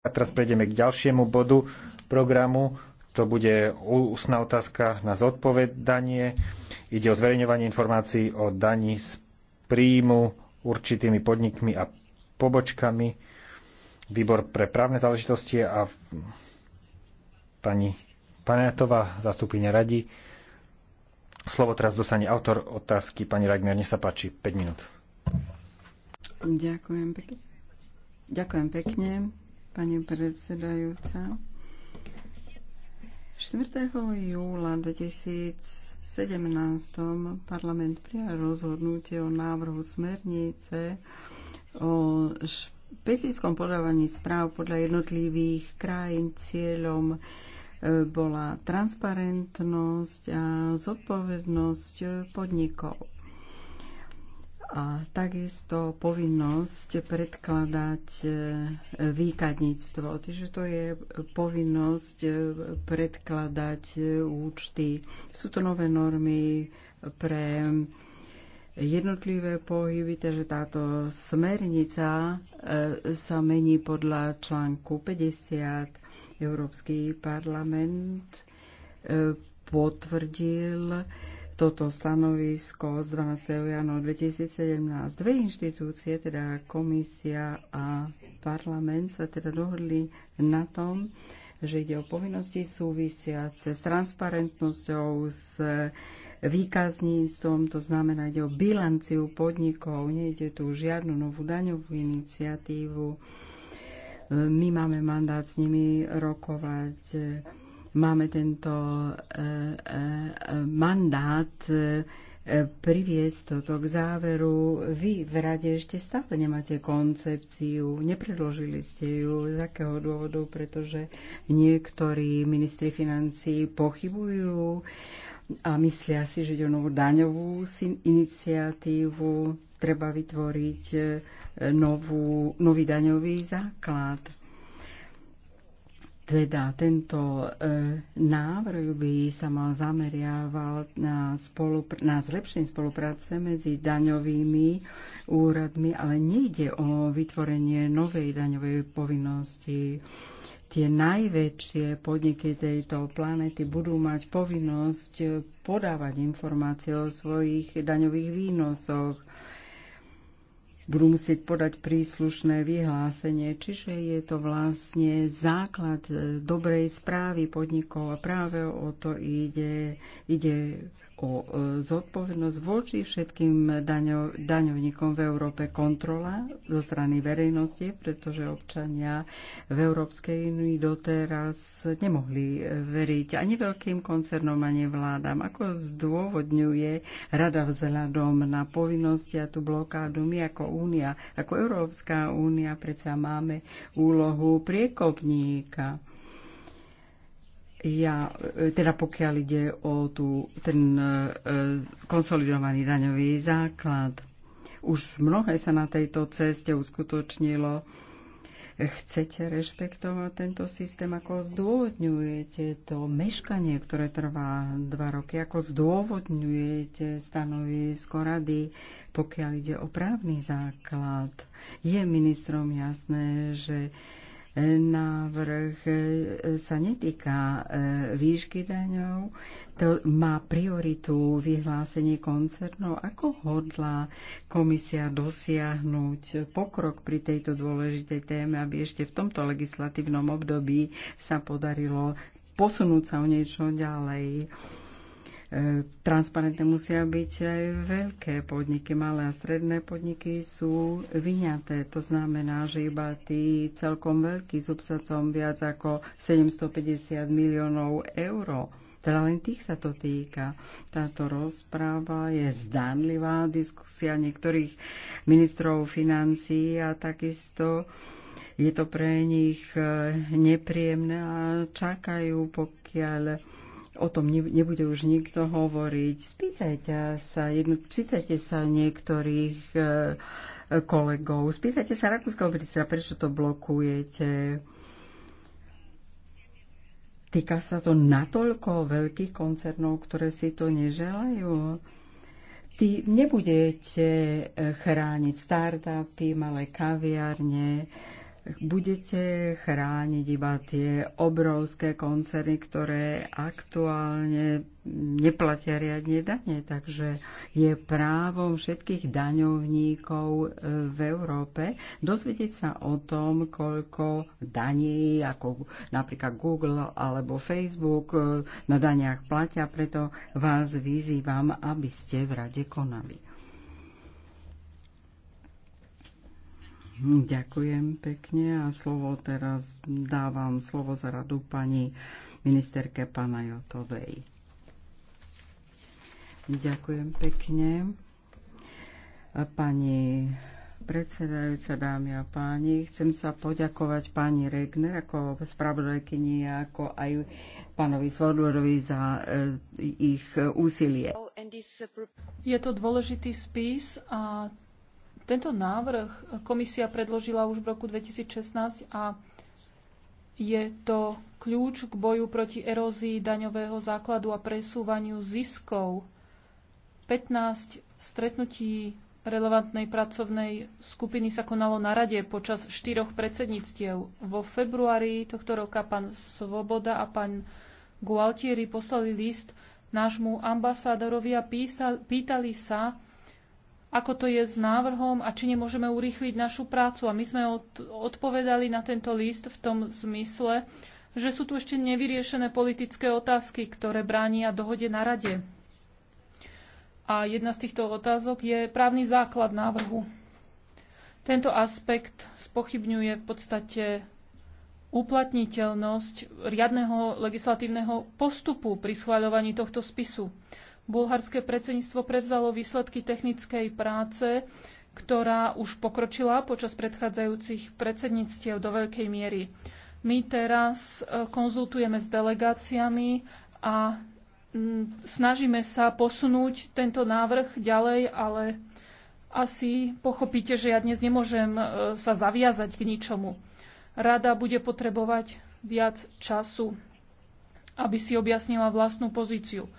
A teraz prejdeme k ďalšiemu bodu programu. To bude ústna otázka na zodpovedanie. Ide o zverejňovanie informácií o daní z príjmu určitými podnikmi a pobočkami. Výbor pre právne záležitosti a pani Panátová, zastupkynia radi. Slovo teraz dostane autor otázky. Pani Ragnar, nech sa páči, 5 minút. Ďakujem pekne. Ďakujem pekne pani predsedajúca. 4. júla 2017 parlament prijal rozhodnutie o návrhu smernice o špecickom podávaní správ podľa jednotlivých krajín cieľom e, bola transparentnosť a zodpovednosť podnikov a takisto povinnosť predkladať e, výkadníctvo. Čiže to je povinnosť e, predkladať e, účty. Sú to nové normy pre jednotlivé pohyby, takže táto smernica sa mení podľa článku 50. Európsky parlament potvrdil toto stanovisko z 12. januára 2017. Dve inštitúcie, teda komisia a parlament, sa teda dohodli na tom, že ide o povinnosti súvisiace s transparentnosťou, s výkazníctvom, to znamená, ide o bilanciu podnikov, nejde tu žiadnu novú daňovú iniciatívu. My máme mandát s nimi rokovať máme tento e, e, mandát e, priviesť toto k záveru. Vy v rade ešte stále nemáte koncepciu, nepredložili ste ju. Z akého dôvodu? Pretože niektorí ministri financí pochybujú a myslia si, že ide novú daňovú iniciatívu. Treba vytvoriť novú, nový daňový základ teda tento e, návrh by sa mal zameriaval na, spolupr- na zlepšenie spolupráce medzi daňovými úradmi, ale nejde o vytvorenie novej daňovej povinnosti. Tie najväčšie podniky tejto planety budú mať povinnosť podávať informácie o svojich daňových výnosoch budú musieť podať príslušné vyhlásenie. Čiže je to vlastne základ e, dobrej správy podnikov a práve o to ide, ide o e, zodpovednosť voči všetkým daňovníkom v Európe kontrola zo strany verejnosti, pretože občania v Európskej únii doteraz nemohli veriť ani veľkým koncernom, ani vládam. Ako zdôvodňuje rada vzhľadom na povinnosti a tú blokádu my ako únia, ako Európska únia predsa máme úlohu priekopníka ja, e, teda pokiaľ ide o tú, ten e, konsolidovaný daňový základ, už mnohé sa na tejto ceste uskutočnilo. Chcete rešpektovať tento systém, ako zdôvodňujete to meškanie, ktoré trvá dva roky, ako zdôvodňujete stanovisko rady, pokiaľ ide o právny základ. Je ministrom jasné, že návrh e, sa netýka e, výšky daňov, to má prioritu vyhlásenie koncernov. Ako hodla komisia dosiahnuť pokrok pri tejto dôležitej téme, aby ešte v tomto legislatívnom období sa podarilo posunúť sa o niečo ďalej? E, transparentné musia byť aj veľké podniky, malé a stredné podniky sú vyňaté. To znamená, že iba tí celkom veľkí s obsacom viac ako 750 miliónov eur. Teda len tých sa to týka. Táto rozpráva je zdánlivá. diskusia niektorých ministrov financí a takisto je to pre nich e, nepríjemné a čakajú, pokiaľ o tom nebude už nikto hovoriť. Spýtajte sa, jedno, spýtajte sa niektorých e, kolegov, spýtajte sa rakúskeho ministra, prečo to blokujete. Týka sa to natoľko veľkých koncernov, ktoré si to neželajú. Ty nebudete e, chrániť startupy, malé kaviárne, budete chrániť iba tie obrovské koncerny, ktoré aktuálne neplatia riadne dane. Takže je právom všetkých daňovníkov e, v Európe dozvedieť sa o tom, koľko daní, ako napríklad Google alebo Facebook e, na daniach platia. Preto vás vyzývam, aby ste v rade konali. Ďakujem pekne a slovo teraz dávam slovo za radu pani ministerke Jotovej. Ďakujem pekne. Pani predsedajúca, dámy a páni. Chcem sa poďakovať pani Regner ako spravodajkyni a ako aj pánovi Svodlorovi za e, ich úsilie. Je to dôležitý spis a tento návrh komisia predložila už v roku 2016 a je to kľúč k boju proti erózii daňového základu a presúvaniu ziskov. 15 stretnutí relevantnej pracovnej skupiny sa konalo na rade počas štyroch predsedníctiev. Vo februári tohto roka pán Svoboda a pán Gualtieri poslali list nášmu ambasádorovi a písal, pýtali sa, ako to je s návrhom a či nemôžeme urýchliť našu prácu. A my sme odpovedali na tento list v tom zmysle, že sú tu ešte nevyriešené politické otázky, ktoré bránia dohode na rade. A jedna z týchto otázok je právny základ návrhu. Tento aspekt spochybňuje v podstate uplatniteľnosť riadneho legislatívneho postupu pri schváľovaní tohto spisu. Bulharské predsedníctvo prevzalo výsledky technickej práce, ktorá už pokročila počas predchádzajúcich predsedníctiev do veľkej miery. My teraz e, konzultujeme s delegáciami a snažíme sa posunúť tento návrh ďalej, ale asi pochopíte, že ja dnes nemôžem e, sa zaviazať k ničomu. Rada bude potrebovať viac času, aby si objasnila vlastnú pozíciu.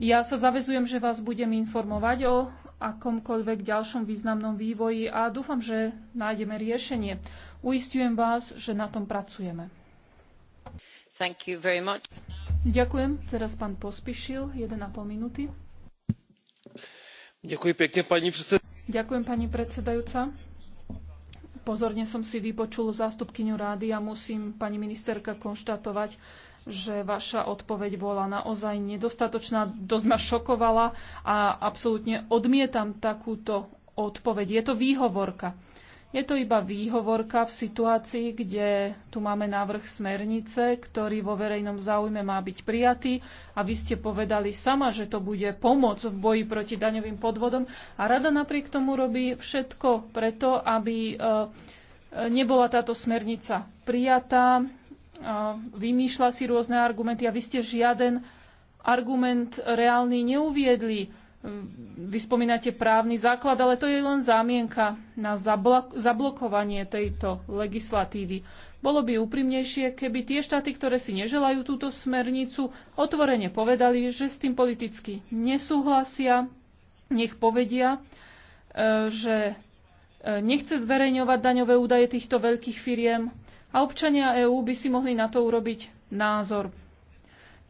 Ja sa zavezujem, že vás budem informovať o akomkoľvek ďalšom významnom vývoji a dúfam, že nájdeme riešenie. Uistujem vás, že na tom pracujeme. Thank you very much. Ďakujem. Teraz pán Pospišil, 1,5 minúty. Ďakujem pekne, pani predsedajúca. Ďakujem, pani predsedajúca. Pozorne som si vypočul zástupkyňu rády a musím, pani ministerka, konštatovať, že vaša odpoveď bola naozaj nedostatočná, dosť ma šokovala a absolútne odmietam takúto odpoveď. Je to výhovorka. Je to iba výhovorka v situácii, kde tu máme návrh smernice, ktorý vo verejnom záujme má byť prijatý a vy ste povedali sama, že to bude pomoc v boji proti daňovým podvodom a rada napriek tomu robí všetko preto, aby eh, eh, nebola táto smernica prijatá, vymýšľa si rôzne argumenty a vy ste žiaden argument reálny neuviedli. Vy spomínate právny základ, ale to je len zámienka na zablokovanie tejto legislatívy. Bolo by úprimnejšie, keby tie štáty, ktoré si neželajú túto smernicu, otvorene povedali, že s tým politicky nesúhlasia, nech povedia, e, že e, nechce zverejňovať daňové údaje týchto veľkých firiem, a občania EÚ by si mohli na to urobiť názor.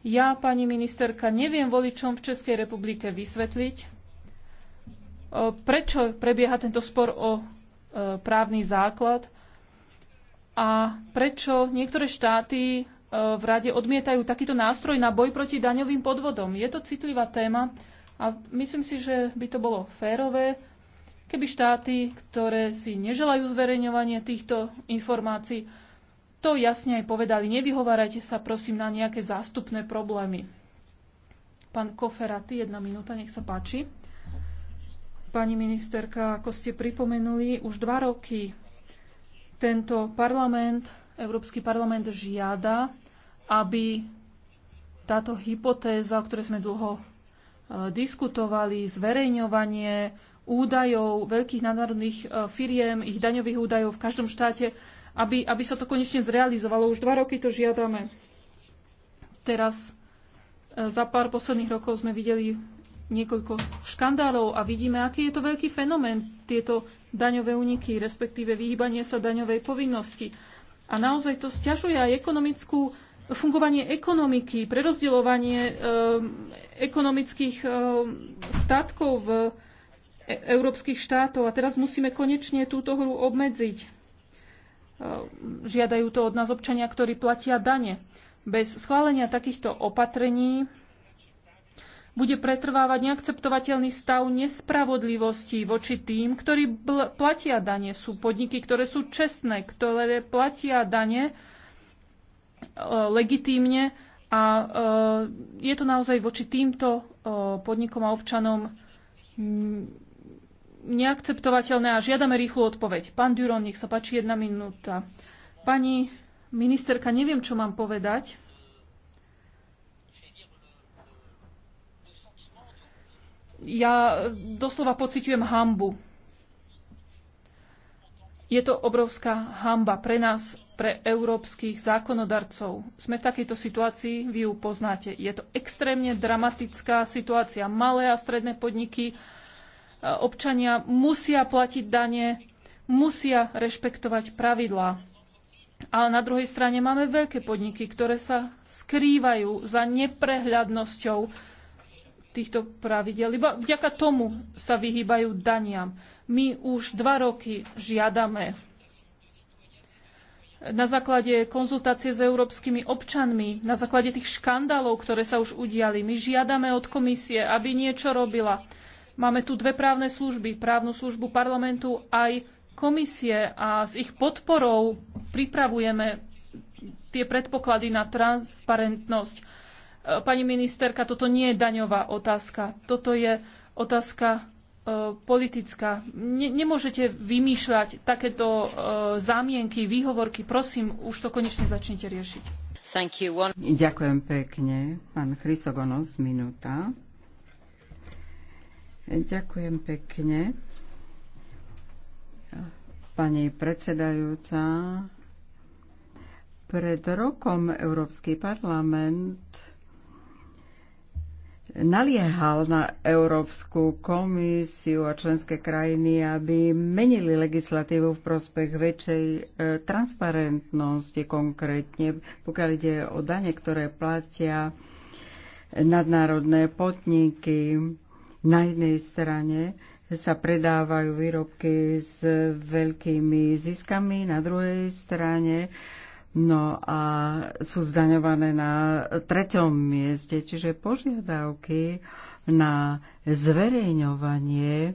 Ja, pani ministerka, neviem voličom v Českej republike vysvetliť, e, prečo prebieha tento spor o e, právny základ a prečo niektoré štáty e, v rade odmietajú takýto nástroj na boj proti daňovým podvodom. Je to citlivá téma a myslím si, že by to bolo férové, keby štáty, ktoré si neželajú zverejňovanie týchto informácií, to jasne aj povedali. Nevyhovárajte sa prosím na nejaké zástupné problémy. Pán Koferaty, jedna minúta, nech sa páči. Pani ministerka, ako ste pripomenuli, už dva roky tento parlament, Európsky parlament žiada, aby táto hypotéza, o ktorej sme dlho e, diskutovali, zverejňovanie údajov veľkých nadnárodných e, firiem, ich daňových údajov v každom štáte, aby, aby sa to konečne zrealizovalo. Už dva roky to žiadame. Teraz e, za pár posledných rokov sme videli niekoľko škandálov a vidíme, aký je to veľký fenomén, tieto daňové úniky, respektíve vyhýbanie sa daňovej povinnosti. A naozaj to stiažuje aj ekonomickú fungovanie ekonomiky, prerozdeľovanie um, ekonomických um, statkov v e, európskych štátov. A teraz musíme konečne túto hru obmedziť. E, žiadajú to od nás občania, ktorí platia dane. Bez schválenia takýchto opatrení bude pretrvávať neakceptovateľný stav nespravodlivosti voči tým, ktorí platia dane. Sú podniky, ktoré sú čestné, ktoré platia dane e, legitímne a e, je to naozaj voči týmto e, podnikom a občanom neakceptovateľné a žiadame rýchlu odpoveď. Pán Duron, nech sa páči jedna minúta. Pani ministerka, neviem, čo mám povedať. Ja doslova pociťujem hambu. Je to obrovská hamba pre nás, pre európskych zákonodarcov. Sme v takejto situácii, vy ju poznáte. Je to extrémne dramatická situácia. Malé a stredné podniky Eh, občania musia platiť dane, musia rešpektovať pravidlá. Ale na druhej strane máme veľké podniky, ktoré sa skrývajú za neprehľadnosťou týchto pravidel. Iba vďaka tomu sa vyhýbajú daniam. My už dva roky žiadame na základe konzultácie s európskymi občanmi, na základe tých škandálov, ktoré sa už udiali. My žiadame od komisie, aby niečo robila Máme tu dve právne služby, právnu službu parlamentu aj komisie a s ich podporou pripravujeme tie predpoklady na transparentnosť. E, pani ministerka, toto nie je daňová otázka. Toto je otázka e, politická. nemôžete vymýšľať takéto e, zámienky, výhovorky. Prosím, už to konečne začnite riešiť. Ďakujem pekne. Pán Chrysogonos, minúta. Ďakujem pekne. Pani predsedajúca, pred rokom Európsky parlament naliehal na Európsku komisiu a členské krajiny, aby menili legislatívu v prospech väčšej e, transparentnosti, konkrétne pokiaľ ide o dane, ktoré platia nadnárodné podniky. Na jednej strane sa predávajú výrobky s veľkými ziskami, na druhej strane no a sú zdaňované na treťom mieste, čiže požiadavky na zverejňovanie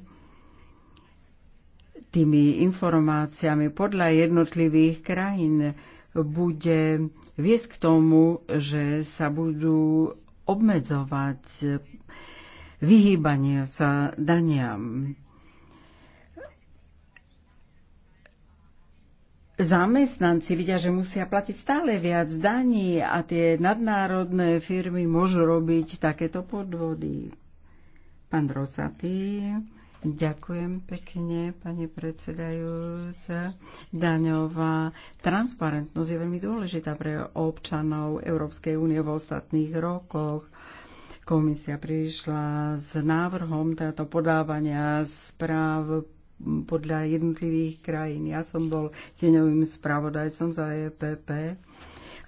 tými informáciami podľa jednotlivých krajín bude viesť k tomu, že sa budú obmedzovať vyhýbanie sa daniam. Zamestnanci vidia, že musia platiť stále viac daní a tie nadnárodné firmy môžu robiť takéto podvody. Pán Rosatý. Ďakujem pekne, pani predsedajúca. Daňová transparentnosť je veľmi dôležitá pre občanov Európskej únie v ostatných rokoch. Komisia prišla s návrhom táto podávania správ podľa jednotlivých krajín. Ja som bol tieňovým spravodajcom za EPP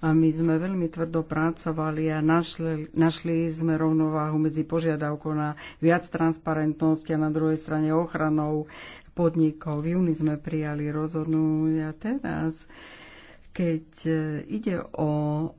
a my sme veľmi tvrdo pracovali a našli, našli sme rovnováhu medzi požiadavkou na viac transparentnosti a na druhej strane ochranou podnikov. V júni sme prijali a teraz. Uh, keď e, ide o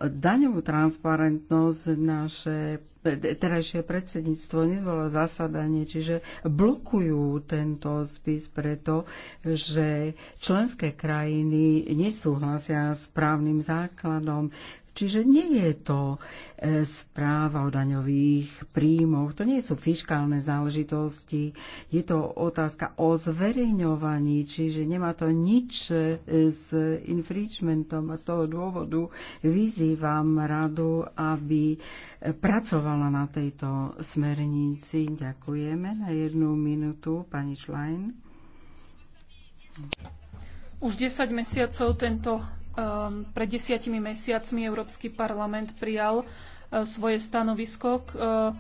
daňovú transparentnosť, naše e, terajšie predsedníctvo nezvolilo zasadanie, čiže blokujú tento spis preto, že členské krajiny nesúhlasia s právnym základom. Čiže nie je to e, správa o daňových príjmoch, to nie sú fiskálne záležitosti, je to otázka o zverejňovaní, čiže nemá to nič e, s infringementom a z toho dôvodu vyzývam radu, aby e, pracovala na tejto smernici. Ďakujeme na jednu minútu, pani Schlein. Už 10 mesiacov tento, um, pred desiatimi mesiacmi Európsky parlament prijal uh, svoje stanovisko k, uh,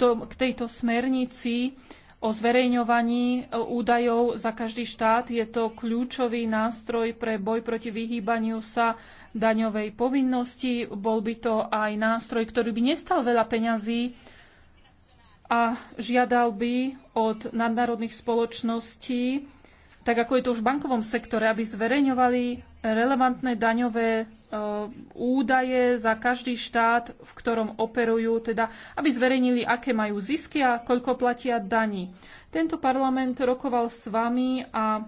to, k tejto smernici o zverejňovaní uh, údajov za každý štát. Je to kľúčový nástroj pre boj proti vyhýbaniu sa daňovej povinnosti. Bol by to aj nástroj, ktorý by nestal veľa peňazí a žiadal by od nadnárodných spoločností tak ako je to už v bankovom sektore, aby zverejňovali relevantné daňové e, údaje za každý štát, v ktorom operujú, teda aby zverejnili, aké majú zisky a koľko platia daní. Tento parlament rokoval s vami a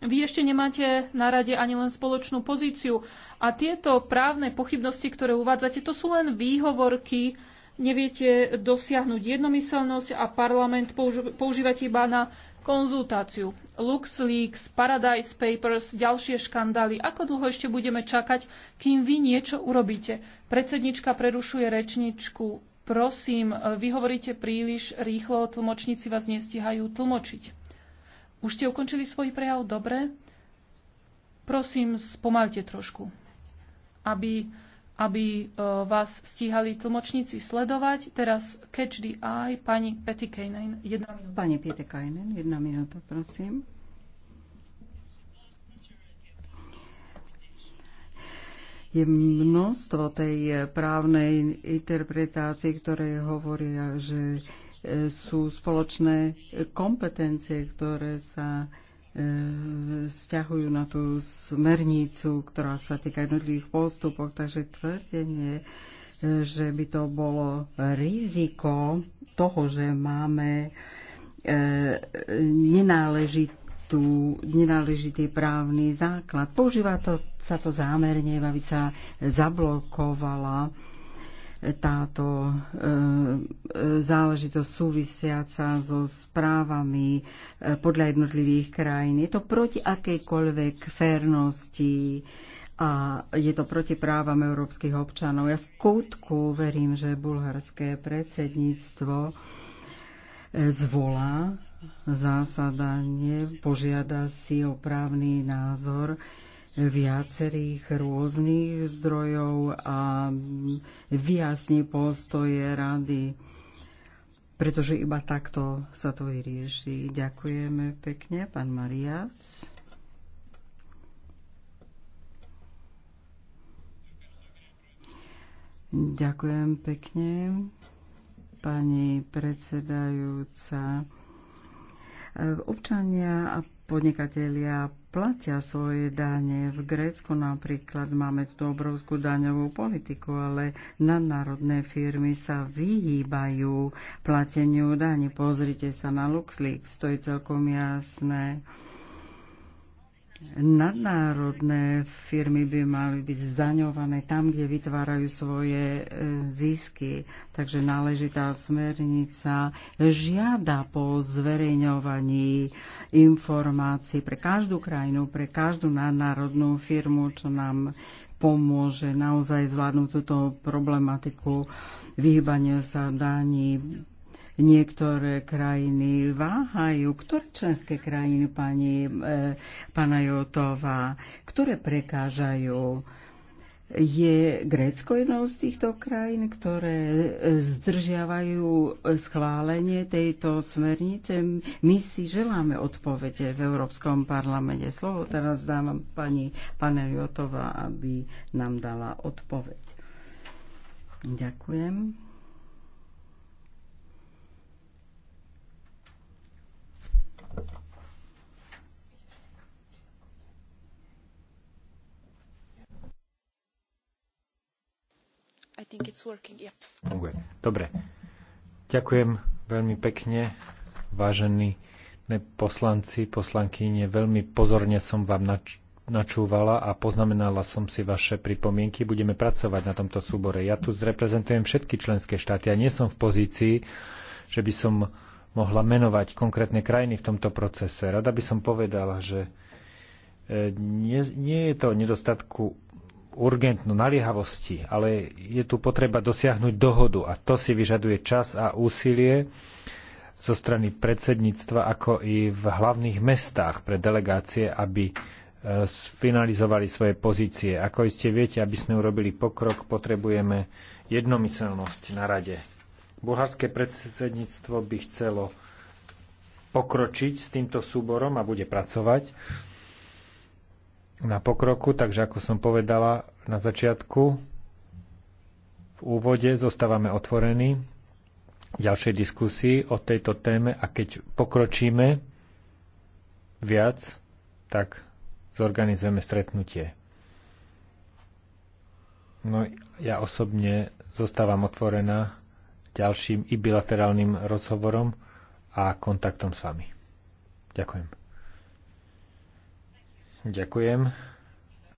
vy ešte nemáte na rade ani len spoločnú pozíciu. A tieto právne pochybnosti, ktoré uvádzate, to sú len výhovorky, neviete dosiahnuť jednomyselnosť a parlament používate iba na konzultáciu. LuxLeaks, Paradise Papers, ďalšie škandály. Ako dlho ešte budeme čakať, kým vy niečo urobíte? Predsednička prerušuje rečničku. Prosím, vy hovoríte príliš rýchlo, tlmočníci vás nestihajú tlmočiť. Už ste ukončili svoj prejav? Dobre. Prosím, spomalte trošku, aby aby e, vás stíhali tlmočníci sledovať. Teraz catch the eye, pani Petikejnen, jedna minúta. Pani Petikejnen, jedna minúta, prosím. je množstvo tej právnej interpretácie, ktoré hovoria, že e, sú spoločné kompetencie, ktoré sa vzťahujú na tú smernicu, ktorá sa týka jednotlivých postupov, takže tvrdenie, že by to bolo riziko toho, že máme e, nenáležitú, nenáležitý právny základ. Používa to, sa to zámerne, aby sa zablokovala táto e, e, záležitosť súvisiaca so správami e, podľa jednotlivých krajín. Je to proti akejkoľvek férnosti a je to proti právam európskych občanov. Ja skutku verím, že bulharské predsedníctvo zvolá zásadanie, požiada si o právny názor viacerých rôznych zdrojov a vyjasní postoje rady, pretože iba takto sa to vyrieši. Ďakujeme pekne, pán Marias. Ďakujem pekne, pani predsedajúca. Občania a podnikatelia platia svoje dane. V Grécku napríklad máme tú obrovskú daňovú politiku, ale nadnárodné firmy sa vyhýbajú plateniu daní. Pozrite sa na LuxLeaks, to je celkom jasné. Nadnárodné firmy by mali byť zdaňované tam, kde vytvárajú svoje e, zisky. Takže náležitá smernica žiada po zverejňovaní informácií pre každú krajinu, pre každú nadnárodnú firmu, čo nám pomôže naozaj zvládnuť túto problematiku vyhýbania sa daní Niektoré krajiny váhajú. Ktoré členské krajiny, pani e, pana Jotová, ktoré prekážajú? Je Grécko jednou z týchto krajín, ktoré e, zdržiavajú schválenie tejto smernice? My si želáme odpovede v Európskom parlamente. Slovo teraz dávam pani pane Jotová, aby nám dala odpoveď. Ďakujem. Working, yep. Dobre. Ďakujem veľmi pekne, vážení poslanci, poslankyne. Veľmi pozorne som vám nač- načúvala a poznamenala som si vaše pripomienky. Budeme pracovať na tomto súbore. Ja tu zreprezentujem všetky členské štáty a ja nie som v pozícii, že by som mohla menovať konkrétne krajiny v tomto procese. Rada by som povedala, že e, nie, nie je to nedostatku urgentnú naliehavosti, ale je tu potreba dosiahnuť dohodu a to si vyžaduje čas a úsilie zo strany predsedníctva, ako i v hlavných mestách pre delegácie, aby e, sfinalizovali svoje pozície. Ako iste viete, aby sme urobili pokrok, potrebujeme jednomyselnosť na rade. Bulharské predsedníctvo by chcelo pokročiť s týmto súborom a bude pracovať na pokroku, takže ako som povedala na začiatku, v úvode zostávame otvorení ďalšej diskusii o tejto téme a keď pokročíme viac, tak zorganizujeme stretnutie. No ja osobne zostávam otvorená ďalším i bilaterálnym rozhovorom a kontaktom s vami. Ďakujem. Ďakujem.